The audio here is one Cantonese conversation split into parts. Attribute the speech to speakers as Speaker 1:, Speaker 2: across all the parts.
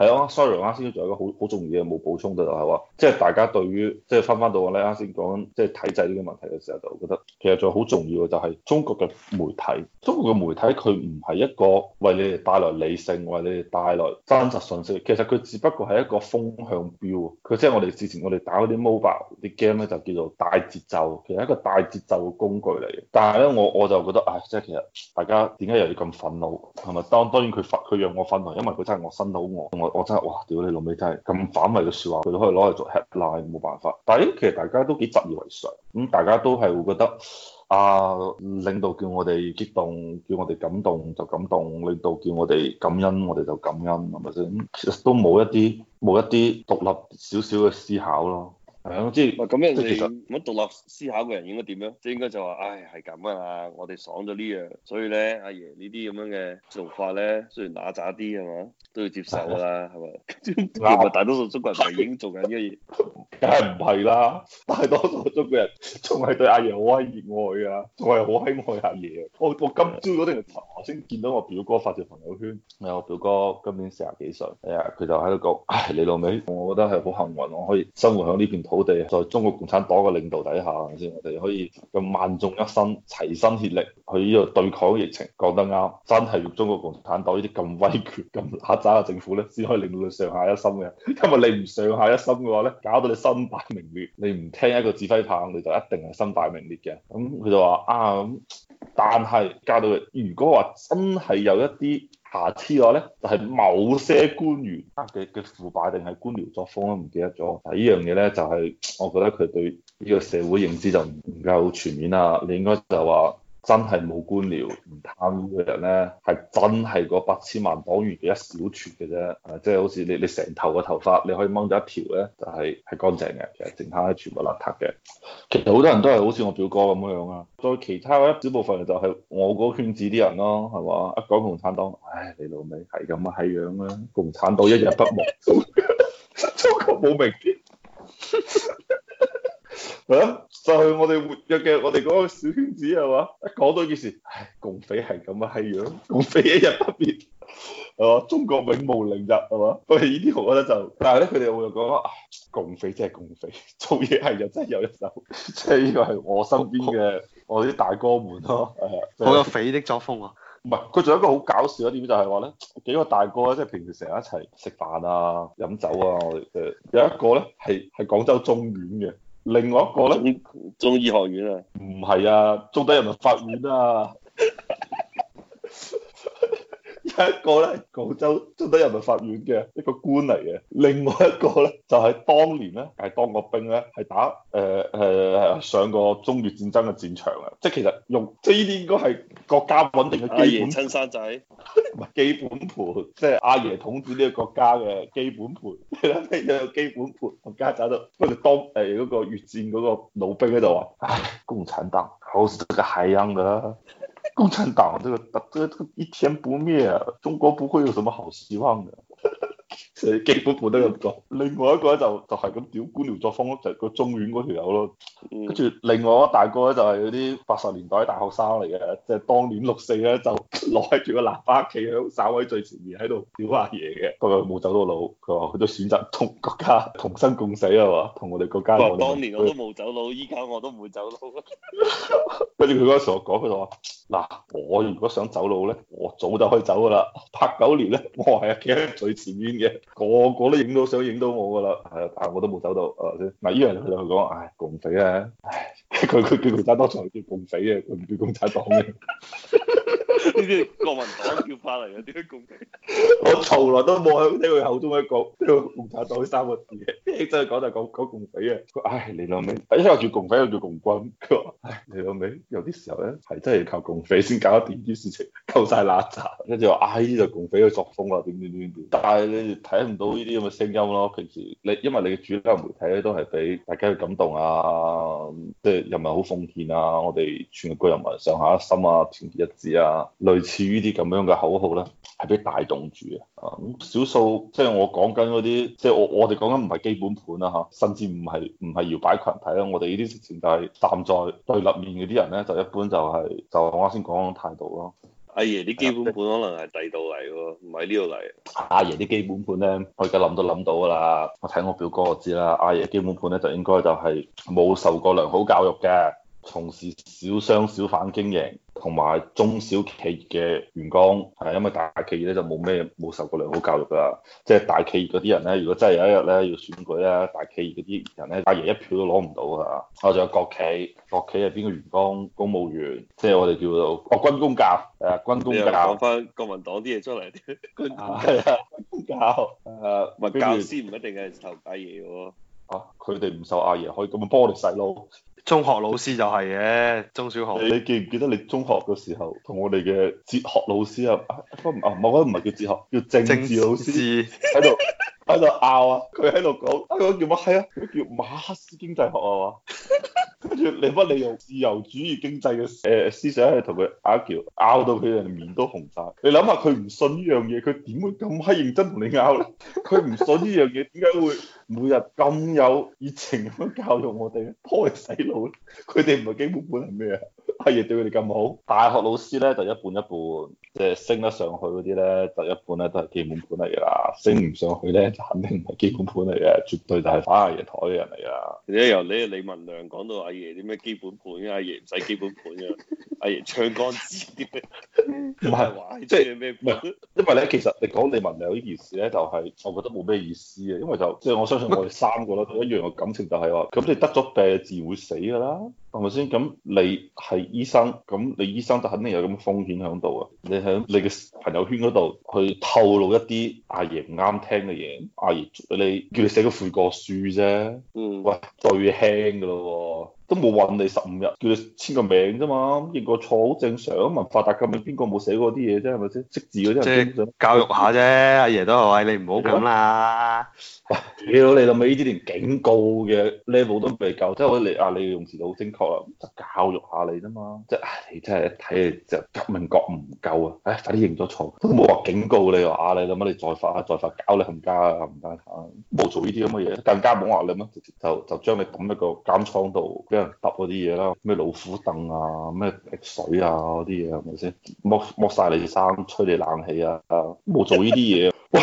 Speaker 1: 係啊，sorry 啱先仲有一個好好重要嘅冇補充到，就係話，即係大家對於即係翻翻到我咧啱先講，即係體制呢個問題嘅時候，就覺得其實仲有好重要嘅就係中國嘅媒體，中國嘅媒體佢唔係一個為你哋帶來理性，為你哋帶來真實信息，其實佢只不過係一個風向標，佢即係我哋之前我哋打嗰啲 mobile 啲 game 咧就叫做大節奏，其實一個大節奏嘅工具嚟嘅。但係咧我我就覺得，唉、哎，即係其實大家點解又要咁憤怒？係咪？當當然佢憤佢讓我憤怒，因為佢真係我心都好餓，我。我真係哇！屌你老味，真係咁反胃嘅説話，佢都可以攞嚟做 headline，冇辦法。但係，其實大家都幾習以為常，咁、嗯、大家都係會覺得啊，領導叫我哋激動，叫我哋感動就感動，領導叫我哋感恩我哋就感恩，係咪先？其實都冇一啲冇一啲獨立少少嘅思考咯。
Speaker 2: 係啊，即係咁樣，你咁獨立思考嘅人應該點樣？即係應該就話，唉，係咁啊，我哋爽咗呢樣，所以咧，阿爺呢啲咁樣嘅做法咧，雖然乸渣啲係嘛，都要接受㗎啦，係咪、嗯？唔係吧大多數中國人已經做緊呢樣嘢，梗係唔係啦？大
Speaker 1: 多數中國人仲係對阿爺好閪熱愛啊，仲係好閪愛阿爺我我今朝嗰啲人。先見到我表哥發條朋友圈，係我表哥今年四十幾歲，係、哎、啊，佢就喺度講，唉、哎，你老味，我覺得係好幸運，我可以生活喺呢片土地，在中國共產黨嘅領導底下，先，我哋可以咁萬眾一心，齊心協力去呢度對抗疫情。講得啱，真係要中國共產黨呢啲咁威權、咁揦窄嘅政府咧，先可以令到佢上下一心嘅。因為你唔上下一心嘅話咧，搞到你身敗名裂。你唔聽一個指揮棒，你就一定係身敗名裂嘅。咁、嗯、佢就話啊咁。哎但係教到佢，如果話真係有一啲瑕疵嘅咧，就係、是、某些官員嘅嘅腐敗定係官僚作風啦，都唔記得咗。但係依樣嘢咧：呢，就係、是、我覺得佢對呢個社會認知就唔夠全面啦。你應該就話。真係冇官僚唔貪嘅人咧，係真係嗰八千萬黨員嘅一小撮嘅啫，即係好似你你成頭嘅頭髮，你可以掹咗一條咧，就係、係、係乾淨嘅，其實剩翻全部邋遢嘅。其實好多人都係好似我表哥咁樣啊，再其他一小部分人就係我嗰圈子啲人咯，係嘛？一講共產黨，唉、哎，你老味係咁啊，係樣啊。共產黨一日不亡， 中國冇明天。啊？ 就係我哋活躍嘅，我哋嗰個小圈子係嘛？一講到件事，唉、哎，共匪係咁啊，係樣共匪一日不變，係中國永無寧日，係嘛？我哋呢啲覺得就，但係咧，佢哋會講：共匪即係共匪，做嘢係真係有一手。即係呢個係我身邊嘅、嗯、我哋啲大哥們咯，係好有
Speaker 2: 匪的作風啊！唔
Speaker 1: 係，佢仲有一個好搞笑一點、就是，就係話咧，幾個大哥即係、就是、平時成日一齊食飯啊、飲酒啊，我哋誒、就是、有一個咧係係廣州中院嘅。另外一個咧，中醫學院啊，唔係啊，中國人民法院啊。一個咧，廣州中級人民法院嘅一個官嚟嘅；另外一個咧，就係當年咧係當過兵咧，係打誒誒、呃呃、上過中越戰爭嘅戰場嘅。即係其實用，即係呢啲應該係國家穩定嘅基本。阿爺親生仔，唔係基本盤，即、就、係、是、阿爺統治呢個國家嘅基本盤。你諗下，又有個基本盤，同家仔就不過當誒嗰個越戰嗰個老兵喺度話唉，共產黨，好似都係咁樣嘅啦。共產黨這個這個這個一天不滅，中國不會有什麼好希望的。所以基本判得咁多，另外一個咧就就係咁屌官僚作風咯，就是、個中院嗰條友咯，跟住、嗯、另外一個大個咧就係嗰啲八十年代大學生嚟嘅，即、就、係、是、當年六四咧就攞起住個喇叭企喺省委最前面喺度屌下爺嘅，佢話冇走佬，佢話佢都選擇同國家同生共死啊嘛，同我哋國家。當年我都冇
Speaker 2: 走佬，依家他我都唔會走佬。
Speaker 1: 跟住佢嗰時我講佢就話，嗱我如果想走路咧，我早就可以走噶啦，八九年咧我係啊企喺最前面。個個都影到，相，影到我噶啦，係啊，但係我都冇走到，哦、啊、先，嗱，依樣就佢就佢講，唉，共匪啊，唉，佢佢叫共產黨，叫共匪啊，佢唔叫共產黨嘅。呢啲 國民黨叫翻嚟嘅，點解共匪？ 我從來都冇喺聽佢口中一句呢個共產黨三個字，嘅，真係講就講講共匪啊！佢唉、哎，你老味，一話住共匪又做共軍。佢話唉，你老味，有啲時候咧係真係靠共匪先搞得掂啲事情，夠晒辣雜。跟住話唉，呢、哎、個共匪嘅作風啊，點點點點。但係你睇唔到呢啲咁嘅聲音咯。其實你因為你嘅主流媒體咧都係俾大家去感動啊，即係又唔係好奉獻啊，我哋全國人民上下一心啊，團結一致啊。類似於啲咁樣嘅口號咧，係俾帶動住嘅。啊，咁少數即係我講緊嗰啲，即係我我哋講緊唔係基本盤啦嚇，甚至唔係唔係搖擺群體啦。我哋呢啲直情就係站在對立面嗰啲人咧，就一般就係就我啱先講嘅態度咯。
Speaker 2: 阿爺啲基本盤可能係第二度嚟喎，唔喺呢度嚟。
Speaker 1: 阿爺啲基本盤咧，我而家諗都諗到啦。我睇我表哥我知啦。阿爺基本盤咧，就應該就係冇受過良好教育嘅。從事小商小販經營同埋中小企業嘅員工，係因為大企業咧就冇咩冇受過良好教育噶啦。即係大企業嗰啲人咧，如果真係有一日咧要選舉咧，大企業嗰啲人咧阿爺一票都攞唔到啊！我仲有國企，國企係邊個員工？公務員，即係我哋叫做哦，軍公教，係軍公教。講翻
Speaker 2: 國民黨啲嘢出嚟軍係軍公教。誒，咪教師唔一定係受阿爺喎。
Speaker 1: 啊，佢哋唔受阿爺，可以咁樣幫我哋細路。
Speaker 2: 中學老師就係嘅，中小學你，你
Speaker 1: 記唔記得你中學嘅時候同我哋嘅哲學老師啊？啊，唔啊，啊，我覺得唔係叫哲學，叫政治老師喺度。政治 喺度拗啊！佢喺度講，佢講叫乜？係啊，佢叫、啊、叫馬克思經濟學啊嘛。跟住 你不利用自由主義經濟嘅、誒思想嚟同佢拗，拗到佢人面都紅晒。你諗下，佢唔信呢樣嘢，佢點會咁閪認真同你拗？佢唔信呢樣嘢，點解會每日咁有熱情咁樣教育我哋，拖佢洗腦？佢哋唔係基本本係咩啊？阿爺對佢哋咁好，大學老師咧就是、一半一半，即、就、係、是、升得上去嗰啲咧就是、一半咧都係基本盤嚟噶，升唔上去咧就肯定唔係基本盤嚟嘅，絕對就係反阿爺台嘅人
Speaker 2: 嚟，你由你李文亮講到阿爺啲咩基本盤、啊，阿爺唔使基本盤嘅、啊， 阿爺唱乾是哇知啲咩、啊？唔係話，即係咩？因為咧，其
Speaker 1: 實你講李文亮呢件事咧，就係、是、我覺得冇咩意思嘅，因為就即係、就是、我相信我哋三個咧都一樣嘅感情、就是，就係話噉你得咗病自然會死㗎啦。係咪先？咁你係醫生，咁你醫生就肯定有咁嘅風險喺度啊！你喺你嘅朋友圈嗰度去透露一啲阿爺唔啱聽嘅嘢，阿爺你叫你寫個悔過書啫，嗯，喂，最輕噶咯。都冇運你十五日，叫你簽個名啫嘛，認個錯好正常。文化大革命邊個冇寫過啲嘢啫，係咪先？識字嗰啲人。即係、就
Speaker 2: 是、是教育下啫，阿爺都係、啊、你唔好咁啦。
Speaker 1: 屌你到尾呢啲連警告嘅 level 都未夠，即係、嗯就是、我哋阿你，你用詞都好精確啦，就教育下你啫嘛。即、啊、係你真係一睇就革命覺唔夠啊！唉、哎，快啲認咗錯。都冇話警告你，話你諗乜你，你再發下再發，搞你冚家唔得嚇，冇做呢啲咁嘅嘢，更加冇話你咩，直接就就將你抌喺個監倉度。揼嗰啲嘢啦，咩老虎凳啊，咩溺水啊嗰啲嘢係咪先？剝剝曬你衫，吹你冷氣啊，冇做呢啲嘢。 喂，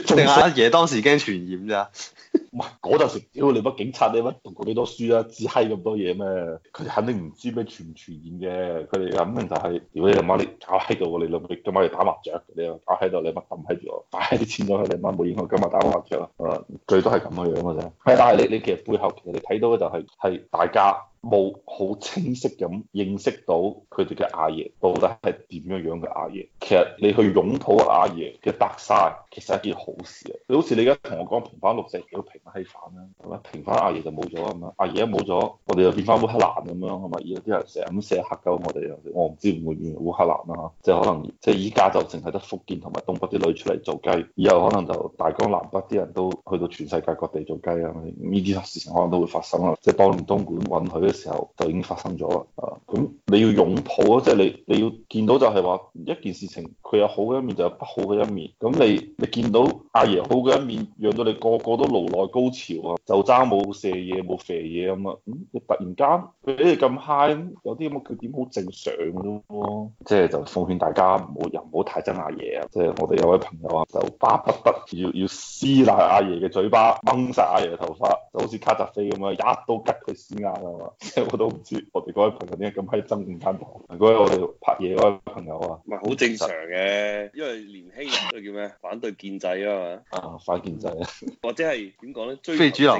Speaker 1: 定阿爺爺當時驚傳染咋？ 唔係嗰就食蕉，你乜警察，你乜讀過幾多書啊？只閪咁多嘢咩？佢哋肯定唔知咩傳唔傳染嘅，佢哋肯定就係如果你媽你搞喺度，喎！你老你今日嚟打麻雀，你又搞喺度，你媽氹喺住我，擺啲錢咗佢你媽冇影響我今日打麻雀啊！最多係咁嘅樣嘅啫，係但係你你其實背後其實你睇到嘅就係係大家。冇好清晰咁認識到佢哋嘅阿爺到底係點樣樣嘅阿爺。其實你去擁抱阿爺嘅 Dark side，其實係一件好事啊！你好似你而家同我講平反六隻鳥，平閪反啦，係咪？平反阿爺就冇咗，咁樣阿爺一冇咗，我哋就變翻烏克蘭咁樣，係咪？而有啲人成日咁寫黑鳩，我哋我唔知會唔會變烏克蘭啦？即係可能即係依家就淨係得福建同埋東北啲女出嚟做雞，以後可能就大江南北啲人都去到全世界各地做雞啊！呢啲事情可能都會發生啊！即係當年東莞允許時候就已經發生咗啦，啊，咁你要擁抱啊，即係你你要見到就係話一件事情，佢有好嘅一面就有不好嘅一面，咁你你見到阿爺好嘅一面，讓到你個個都怒內高潮啊，就爭冇射嘢冇肥嘢咁啊，你突然間俾你咁 high，有啲咁嘅缺點好正常嘅，即係就奉勸大家唔好又唔好太憎阿爺啊，即係我哋有位朋友啊，就巴不得要要撕爛阿爺嘅嘴巴，掹晒阿爺嘅頭髮，就好似卡扎菲咁樣，一刀吉佢屎眼啊嘛。我都唔知我哋嗰位朋友點解咁閪憎共產黨。嗰位我哋拍嘢嗰位朋友啊，
Speaker 2: 唔係好正常嘅，因為年輕人都叫咩？反對建制啊嘛。啊，反建制啊！或者係點講咧？追求正義，非主流，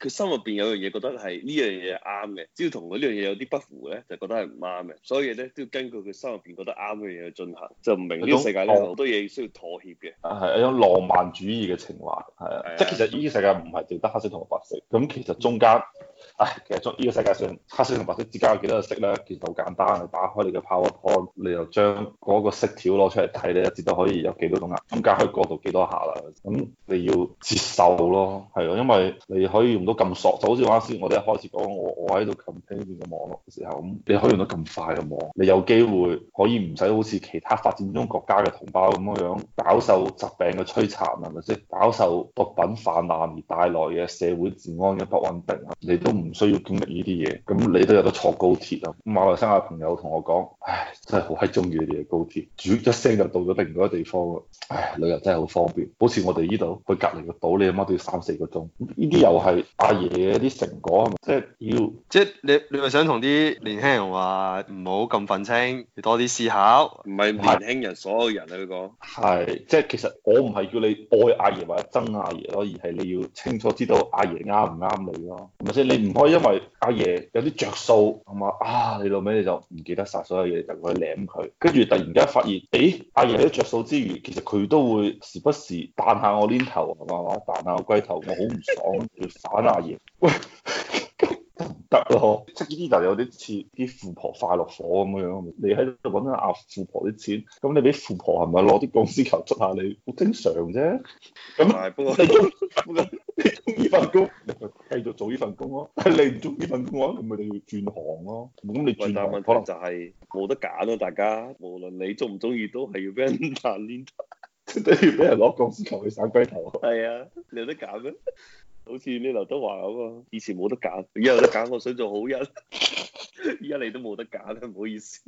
Speaker 2: 佢心入邊有樣嘢覺得係呢樣嘢啱嘅，只要同佢呢樣嘢有啲不符咧，就覺得係唔啱嘅。所以咧，都要根據佢心入邊覺得啱嘅嘢去進行。就唔明呢個世界咧，好多嘢需要妥協嘅。啊，係一種
Speaker 1: 浪漫主義嘅情懷，係啊，即係其實呢個世界唔係淨得黑色同埋白色，咁其實中間。唉，其實呢依個世界上黑色同白色之間有幾多個色咧？其實好簡單，你打開你嘅 PowerPoint，你就將嗰個色條攞出嚟睇，你一知都可以有幾多種顏，咁隔開過度幾多下啦。咁你要接受咯，係啊，因為你可以用到咁索，就好似啱先我哋一開始講我我喺度撳聽呢段嘅網絡嘅時候，咁你可以用到咁快嘅網，你有機會可以唔使好似其他發展中國家嘅同胞咁樣樣飽受疾病嘅摧殘，係咪先？飽、就是、受毒品泛濫而帶來嘅社會治安嘅不穩定，你，都唔需要經歷呢啲嘢，咁你都有得坐高鐵啊！馬來西亞朋友同我講，唉，真係好閪中意你哋嘅高鐵，煮一聲就到咗另外一個地方。唉，旅遊真係好方便，好似我哋呢度去隔離個島，你阿媽都要三四個鐘。呢啲又係阿爺嘅一啲成果，係咪？即係要
Speaker 2: 即係你你咪想同啲年輕人話唔好咁憤青，你多啲思考，唔係年輕人所有人都講，
Speaker 1: 係即係其實我唔係叫你愛阿爺或者憎阿爺咯，而係你要清楚知道阿爺啱唔啱你咯，係咪先你？你唔可以，因為阿爺，爺有啲着數，係嘛啊？你老尾你就唔記得晒所有嘢，就去舐佢。跟住突然間發現，咦、欸？阿爺有啲着數之餘，其實佢都會時不時彈下我呢頭係嘛嘛，彈下我龜頭，我好唔爽，要反阿爺，爺。喂，得 咯，即係呢度有啲似啲富婆快樂火咁樣。你喺度搵下阿富婆啲錢，咁你俾富婆係咪攞啲鋼絲球捉下你？好正常啫。咁啊，不過 你中意份工。 做呢份工咯，你唔做呢份工啊，咁
Speaker 2: 咪你要轉行咯、啊。咁你轉啊？問就是、可能就係冇得揀咯、啊，大家無論你中唔中意都係要俾人殘連，
Speaker 1: 都要俾人攞鋼絲球去省龜頭。
Speaker 2: 係 啊，你有得揀咩？好似你劉德華咁啊，以前冇得揀，而家有得揀，我想做好人。依家 你都冇得揀啦，唔好意思。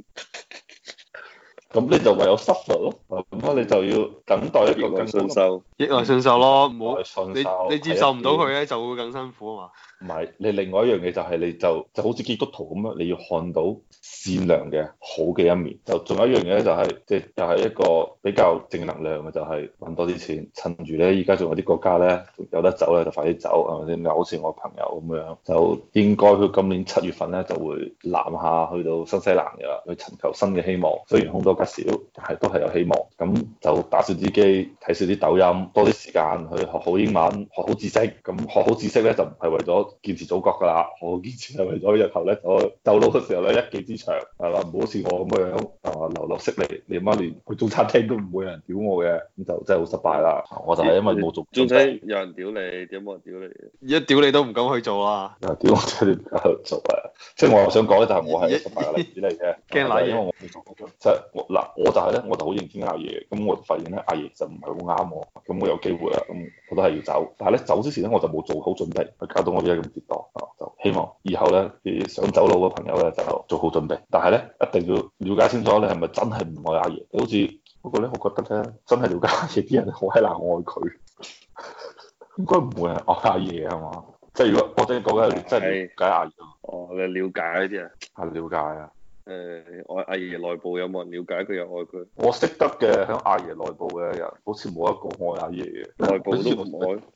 Speaker 2: 咁你就唯有失落咯，咁你就要等待一個逆來順受，逆來順受咯，冇秀你你接受唔到佢咧就會更辛苦啊嘛。
Speaker 1: 唔係你另外一樣嘢就係你就就好似基督徒咁樣，你要看到。善良嘅好嘅一面，就仲有一樣嘢咧，就係即係又係一個比較正能量嘅，就係揾多啲錢，趁住咧依家仲有啲國家咧有得走咧，就快啲走，係咪先？好似我朋友咁樣，就應該佢今年七月份咧就會南下去到新西蘭嘅啦，去尋求新嘅希望。雖然凶多吉少，但係都係有希望。咁就打少啲機，睇少啲抖音，多啲時間去學好英文，學好知識。咁學好知識咧就唔係為咗建設祖國噶啦，學堅持係為咗日後咧我走佬嘅時候咧一技之係啦，唔好似我咁樣啊流流息你，你媽連去做餐廳都唔會有人屌我嘅，咁就真係好失敗啦。我就係因為冇做，點解有人屌你？屌冇
Speaker 2: 人屌你？一屌你都唔敢去做啊！屌 我真係唔敢去做啊！即係我又想講，但係我係唔係例子嚟嘅，驚例 的，因為我即係嗱，我
Speaker 1: 就係咧，我就好認真教阿爺，咁我就發現咧，阿爺就唔係好啱我，咁我有機會啦，咁我都係要走，但係咧走之前咧，我就冇做好準備，佢搞到我而家咁跌檔。希望以後咧，想走佬嘅朋友咧就做好準備。但係咧，一定要了解清楚你係咪真係唔愛阿爺？好似不過咧，我覺得咧，真係了解阿爺啲人好閪難愛佢。 應該唔會係愛阿爺係嘛？
Speaker 2: 即係如果我真係講緊，真係你解阿爺。哦、哎，你了解啲啊？係了解啊。誒、哎，我阿爺內部有冇人了解佢有愛佢？我識得嘅喺阿爺內部嘅人，
Speaker 1: 好似冇一個愛阿爺嘅，
Speaker 2: 內部都唔
Speaker 1: 愛。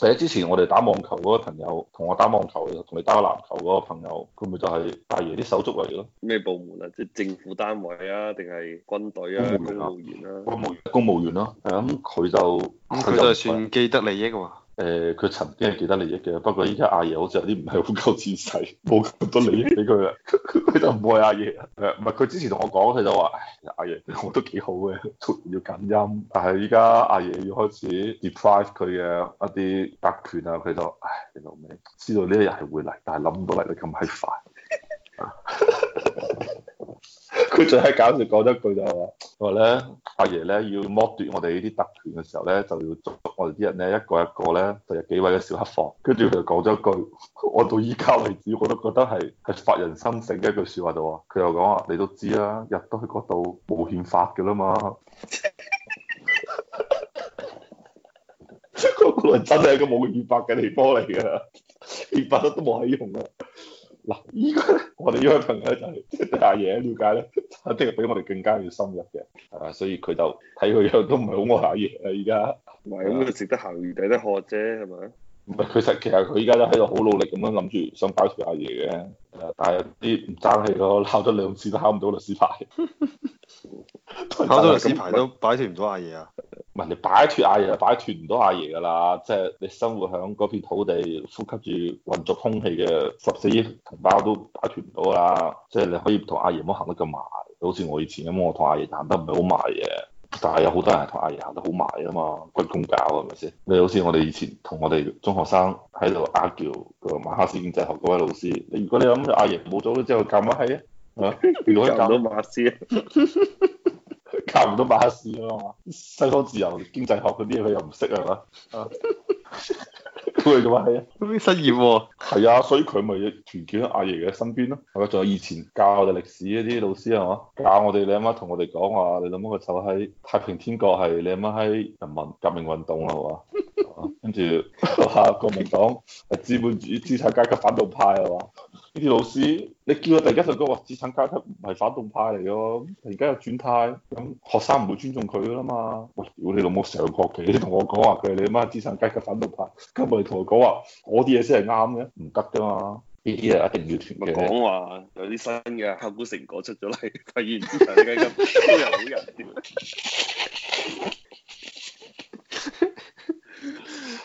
Speaker 1: 第一之前我哋打網球嗰個朋友，同我打網球又同你打籃球嗰個朋
Speaker 2: 友，佢咪就係大爺啲手足嚟咯。咩部門啊？即係政府單位啊，定係軍隊啊？公務員啊，公務員，
Speaker 1: 公務員咯。係咁，佢就佢就算既得利益話。誒，佢、呃、曾經係既得利益嘅，不過依家阿爺好似有啲唔係好夠姿勢，冇咁多利益俾佢啦。佢 就唔會阿爺，唔係佢之前同我講，佢就話阿爺我都幾好嘅，要感恩。但係依家阿爺要開始 deprive 佢嘅一啲特權啊，佢就唉，你老味，知道呢一日係會嚟，但係諗唔到嚟得咁閪快。 佢就係簡直講咗一句就話、是：話咧，阿爺咧要剝奪我哋呢啲特權嘅時候咧，就要捉我哋啲人咧一個一個咧入，就是、幾位嘅小黑房，跟住佢就講咗一句：我到依家為止我都覺得係係發人深省嘅一句説話就話，佢又講話你都知啦、啊，入到去嗰度冇憲法嘅啦嘛，嗰個 真係一個冇憲法嘅地方嚟嘅，憲法都冇起用啦。嗱，依家我哋依位朋友就係、是、阿、就是、爺、啊、了解咧。即啲嘢比我哋更加要深入嘅，係所以佢就睇佢樣都唔係好安阿嘢啦、啊啊啊嗯。而家唔係咁，食得鹹魚抵得渴啫，係咪？唔係佢實，其實佢依家都喺度好努力咁樣諗住想擺脱阿爺嘅、啊。但係有啲唔爭氣咯，考咗兩次都考唔到律師牌、 啊，
Speaker 2: 考到律師牌都
Speaker 1: 擺脱唔到阿爺啊？唔係、嗯嗯、你擺脱阿爺就擺脱唔到阿爺㗎啦。即、就、係、是、你生活喺嗰片土地，呼吸住民作空氣嘅十四億同胞都擺脱唔到㗎啦。即、就、係、是、你可以同阿爺冇行得咁埋。好似我以前咁，我同阿爺行得唔係好埋嘅，但係有好多人同阿爺行得好埋啊嘛，鬼公搞係咪先？你好似我哋以前同我哋中學生喺度呃叫個馬克思經濟學嗰位老師，你如果你諗阿爺冇咗之後夾乜閪啊？如果夾到 馬克思，夾唔到馬克思啊嘛？西方自由經濟學嗰啲嘢佢又唔識係咪？ 佢哋嘅話係啊，都啲失業喎，係啊，所以佢咪團結喺阿爺嘅身邊咯。係啊，仲有以前教我哋歷史嗰啲老師係嘛，教我哋你阿媽同我哋講話，你諗下佢就喺太平天國，係你阿媽喺人民革命運動啦，係嘛，跟住話國民黨係資本主義資產階級反動派係嘛。呢啲老師，你叫我第一首講話資產階級唔係反動派嚟咯，而家又轉態，咁學生唔會尊重佢噶啦嘛。屌你老母，上學期你同我講話，佢係你阿媽資產階級反動派，今日你同我講話，我啲嘢先係啱嘅，唔得噶嘛。呢啲啊，一定要
Speaker 2: 全部講話，講話有啲新嘅考古成果出咗嚟，發現資產階級都係好人